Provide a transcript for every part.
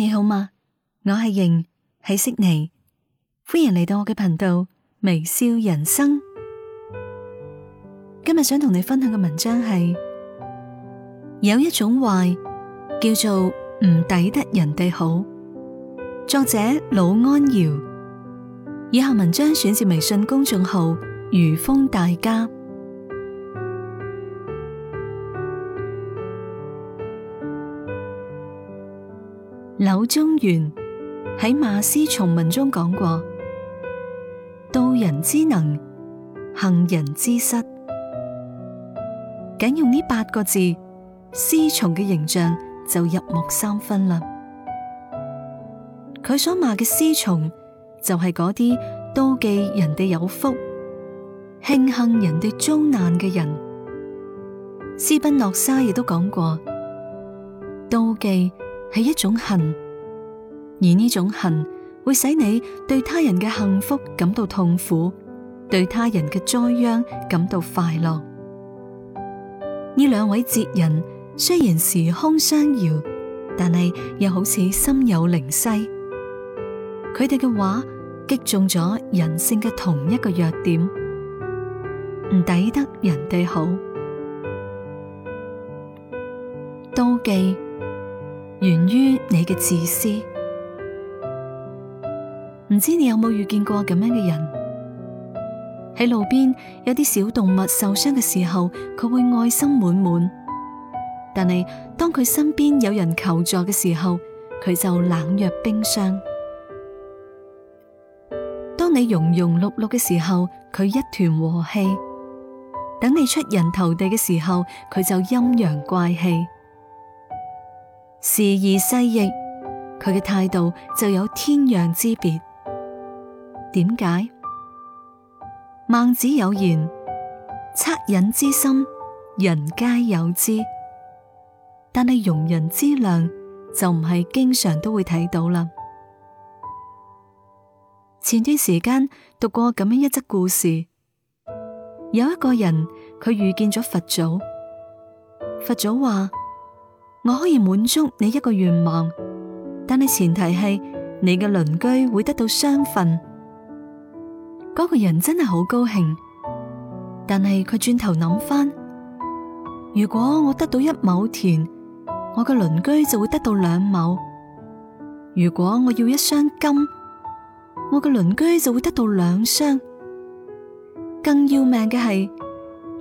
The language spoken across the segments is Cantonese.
你好嗎？我係瑩，喺悉尼，歡迎嚟到我嘅頻道微笑人生。今日想同你分享嘅文章係有一種壞，叫做唔抵得人哋好。作者魯安瑤。以下文章選自微信公眾號如風大家。柳宗元喺《罵屍蟲文》中講過：妒人之能，幸人之失。僅用呢八個字，屍蟲嘅形象就入木三分啦。佢所罵嘅屍蟲就係嗰啲妒忌人哋有福，慶幸人哋遭難嘅人。斯賓諾莎亦都講過：妒忌係一種恨。而呢種恨會使你對他人嘅幸福感到痛苦，對他人嘅災殃感到快樂。呢兩位哲人雖然時空相遙，但係又好似心有靈犀。佢哋嘅話擊中咗人性嘅同一個弱點：唔抵得人哋好，妒忌源於你嘅自私。唔知你有冇遇見過咁樣嘅人？喺路邊有啲小動物受傷嘅時候，佢會愛心滿滿；但係當佢身邊有人求助嘅時候，佢就冷若冰霜。當你庸庸碌碌嘅時候，佢一團和氣；等你出人頭地嘅時候，佢就陰陽怪氣。時移世易，佢嘅態度就有天壤之別。點解孟子有言：惻隱之心，人皆有之。但係容人之量就唔係經常都會睇到啦。前段時間讀過咁樣一則故事，有一個人佢遇見咗佛祖，佛祖話：我可以滿足你一個願望，但係前提係你嘅鄰居會得到雙份。嗰個人真係好高興，但係佢轉頭諗翻：如果我得到一畝田，我嘅鄰居就會得到兩畝；如果我要一箱金，我嘅鄰居就會得到兩箱。更要命嘅係，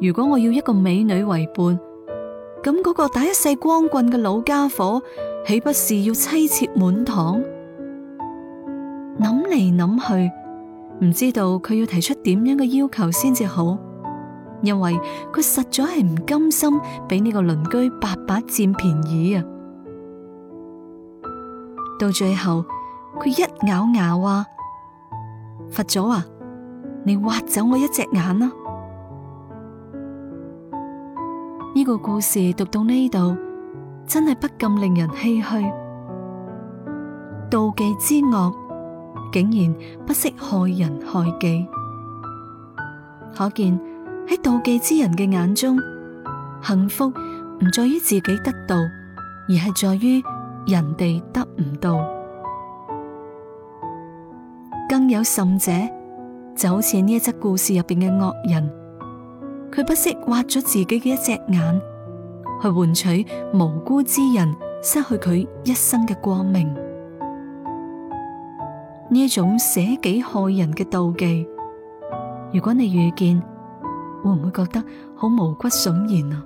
如果我要一個美女為伴，咁嗰個打一世光棍嘅老家伙豈不是要妻妾滿堂？諗嚟諗去。唔知道佢要提出點樣嘅要求先至好，因為佢實在係唔甘心俾呢個鄰居白白佔便宜啊！到最後佢一咬牙話：佛祖啊，你挖走我一隻眼啦！呢個故事讀到呢度，真係不禁令人唏噓，妒忌之惡。竟然不惜害人害己，可見喺妒忌之人嘅眼中，幸福唔在於自己得到，而係在於人哋得唔到。更有甚者，就好似呢一則故事入邊嘅惡人，佢不惜挖咗自己嘅一隻眼，去換取無辜之人失去佢一生嘅光明。呢一種捨己害人嘅妒忌，如果你遇見，會唔會覺得好毛骨悚然啊？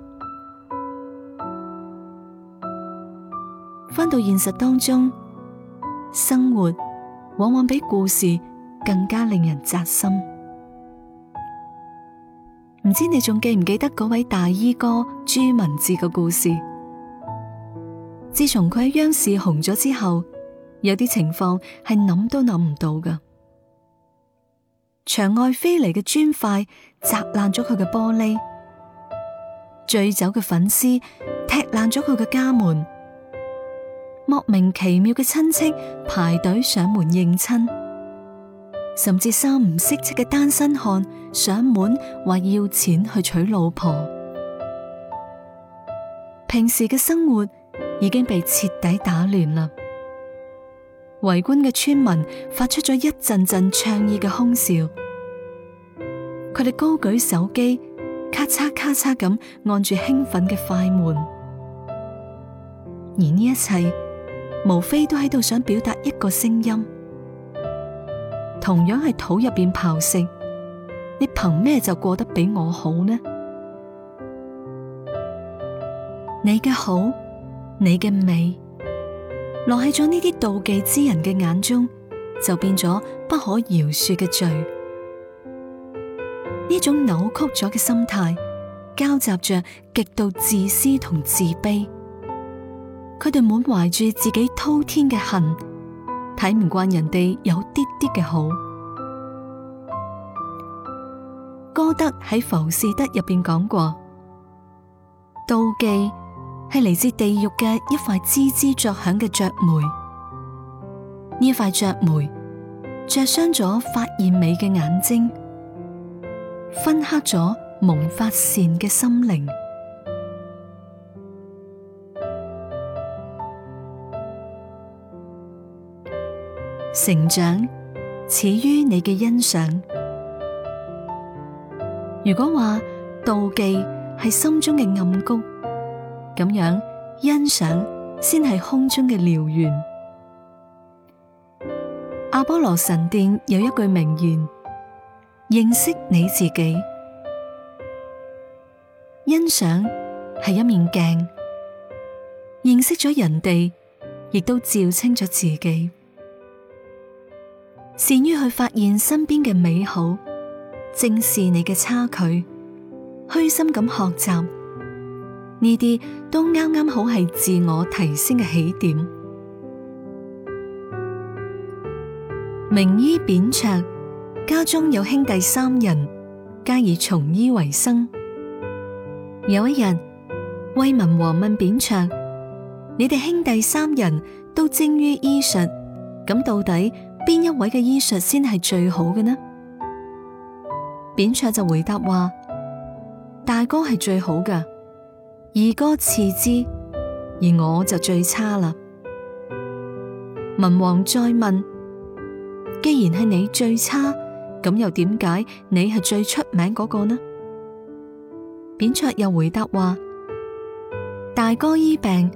翻到現實當中，生活往往比故事更加令人扎心。唔知你仲記唔記得嗰位大衣哥朱文治嘅故事？自從佢喺央視紅咗之後。有啲情況係諗都諗唔到噶，牆外飛嚟嘅磚塊砸爛咗佢嘅玻璃；醉酒嘅粉絲踢爛咗佢嘅家門；莫名其妙嘅親戚排隊上門認親；甚至三唔識七嘅單身漢上門話要錢去娶老婆。平時嘅生活已經被徹底打亂啦。圍觀嘅村民發出咗一陣陣暢意嘅空笑，佢哋高舉手機，咔嚓咔嚓咁按住興奮嘅快門，而呢一切，無非都喺度想表達一個聲音，同樣係土入邊刨食，你憑咩就過得比我好呢？你嘅好，你嘅美。落喺咗呢啲妒忌之人嘅眼中，就變咗不可饒恕嘅罪。呢種扭曲咗嘅心態，交集着極度自私同自卑。佢哋滿懷住自己滔天嘅恨，睇唔慣人哋有啲啲嘅好。歌德喺《浮士德》入邊講過，妒忌，係嚟自地獄嘅一塊滋滋作響嘅雀梅，呢一塊雀梅，灼傷咗發現美嘅眼睛，熏黑咗萌發善嘅心靈。成長始於你嘅欣賞。如果話妒忌係心中嘅暗谷。咁樣欣賞先係空中嘅燎原。阿波羅神殿有一句名言：認識你自己。欣賞係一面鏡，認識咗人哋，亦都照清咗自己。善於去發現身邊嘅美好，正視你嘅差距，虛心咁學習。呢啲都啱啱好係自我提升嘅起點。名醫扁鵲家中有兄弟三人，皆以從醫為生。有一日，魏文王問扁鵲：你哋兄弟三人都精於醫術，咁到底邊一位嘅醫術先係最好嘅呢？扁鵲就回答話：大哥係最好噶。二哥次之，而我就最差啦。文王再問：既然係你最差，咁又點解你係最出名嗰個呢？扁鵲又回答話：大哥醫病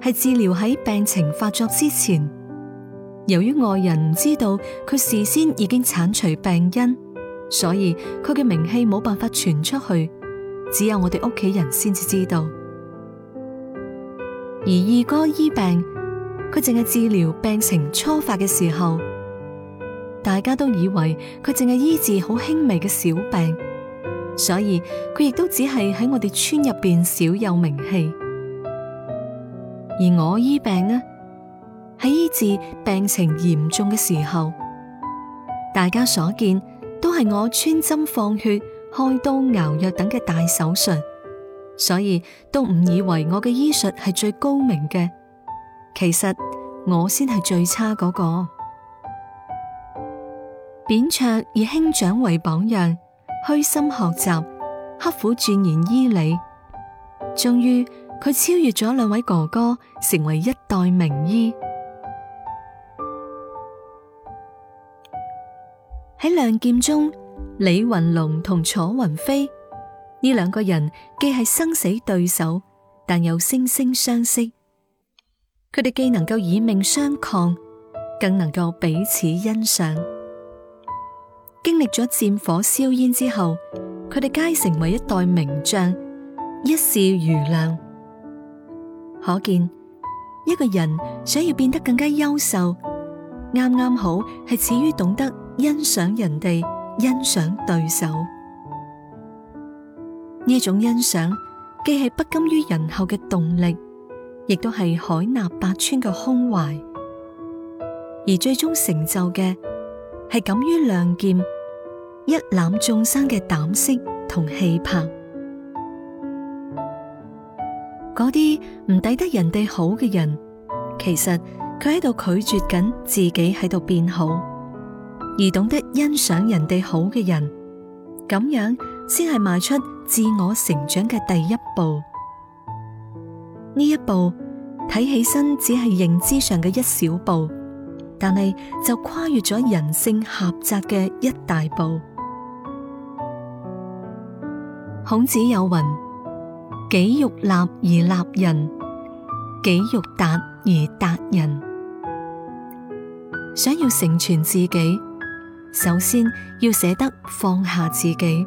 係治療喺病情發作之前，由於外人唔知道佢事先已經鏟除病因，所以佢嘅名氣冇辦法傳出去，只有我哋屋企人先至知道。而二哥醫病，佢淨係治療病情初發嘅時候，大家都以為佢淨係醫治好輕微嘅小病，所以佢亦都只係喺我哋村入邊少有名氣。而我醫病呢，喺醫治病情嚴重嘅時候，大家所見都係我穿針放血、開刀、熬藥等嘅大手術。所以都誤以為我嘅醫術係最高明嘅，其實我先係最差嗰個。扁鵲以兄長為榜樣，虛心學習，刻苦鑽研醫理，終於佢超越咗兩位哥哥，成為一代名醫。喺亮劍中，李雲龍同楚雲飛。呢兩個人既係生死對手，但又惺惺相惜。佢哋既能夠以命相抗，更能夠彼此欣賞。經歷咗戰火硝煙之後，佢哋皆成為一代名將，一世瑜亮。可見，一個人想要變得更加優秀，啱啱好係始於懂得欣賞人哋，欣賞對手。呢種欣賞，既係不甘於人後嘅動力，亦都係海納百川嘅胸懷，而最終成就嘅係敢於亮劍、一覽眾生嘅膽識同氣魄。嗰啲唔抵得人哋好嘅人，其實佢喺度拒絕緊自己喺度變好，而懂得欣賞人哋好嘅人，咁樣。先係邁出自我成長嘅第一步，呢一步睇起身只係認知上嘅一小步，但係就跨越咗人性狹窄嘅一大步。孔子有云：己欲立而立人，己欲達而達人。想要成全自己，首先要捨得放下自己。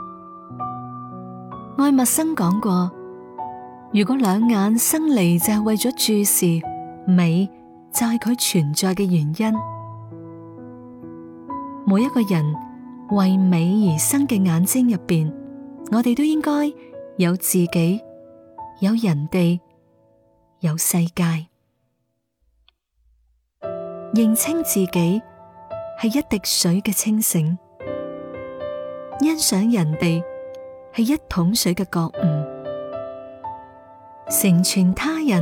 愛默生講過：如果兩眼生嚟就係為咗注視美，就係佢存在嘅原因。每一個人為美而生嘅眼睛入邊，我哋都應該有自己，有人哋，有世界。認清自己係一滴水嘅清醒，欣賞人哋，係一桶水嘅覺悟，成全他人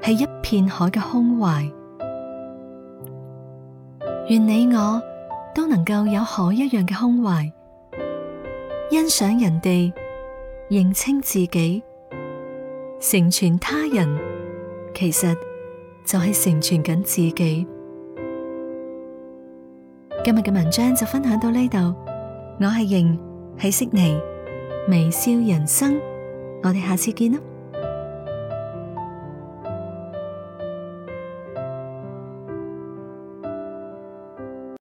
係一片海嘅胸懷。願你我都能夠有海一樣嘅胸懷，欣賞人哋，認清自己，成全他人，其實就係成全緊自己。今日嘅文章就分享到呢度，我係瑩，喺悉尼。微笑人生，我哋下次見啦。